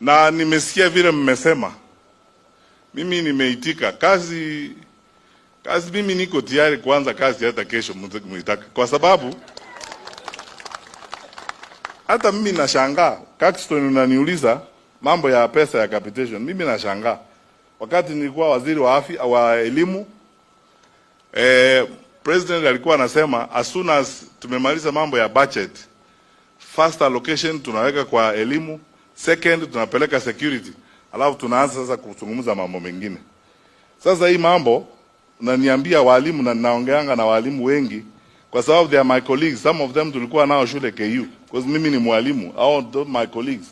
na nimesikia vile mmesema, mimi nimeitika kazi kazi. Mimi niko tayari kuanza kazi hata kesho mtaka, kwa sababu hata mimi nashangaa Kaxton, unaniuliza mambo ya pesa ya capitation. Mimi nashangaa wakati nilikuwa waziri wa afya wa elimu eh, president alikuwa anasema as soon as tumemaliza mambo ya budget first allocation tunaweka kwa elimu second tunapeleka security, alafu tunaanza sasa kuzungumza mambo mengine. Sasa hii mambo naniambia walimu na ninaongeanga na walimu wengi kwa sababu they are my colleagues, some of them tulikuwa nao shule KU, because mimi ni mwalimu au my colleagues.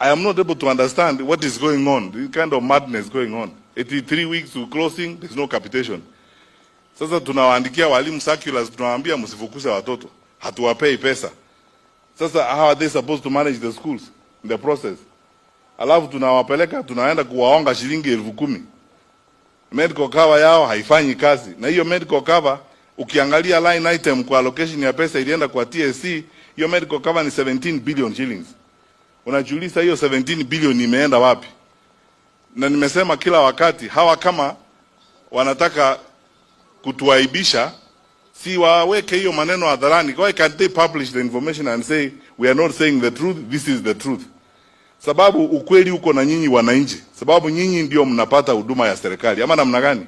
I am not able to understand what is going on, the kind of madness going on. 83 weeks to closing, there's no capitation. Sasa tunawaandikia walimu circulars, tunawaambia msifukuse watoto, hatuwapei pesa. Sasa how are they supposed to manage the schools? in the process, alafu tunawapeleka tunaenda kuwaonga shilingi elfu kumi. Medical cover yao haifanyi kazi, na hiyo medical cover ukiangalia line item kwa allocation ya pesa ilienda kwa TSC, hiyo medical cover ni 17 billion shillings. Unajiuliza hiyo 17 billion imeenda wapi? Na nimesema kila wakati hawa kama wanataka kutuaibisha siwaweke hiyo maneno hadharani. Why can't they publish the information and say we are not saying the truth, this is the truth? Sababu ukweli uko na nyinyi wananchi, sababu nyinyi ndio mnapata huduma ya serikali, ama namna gani?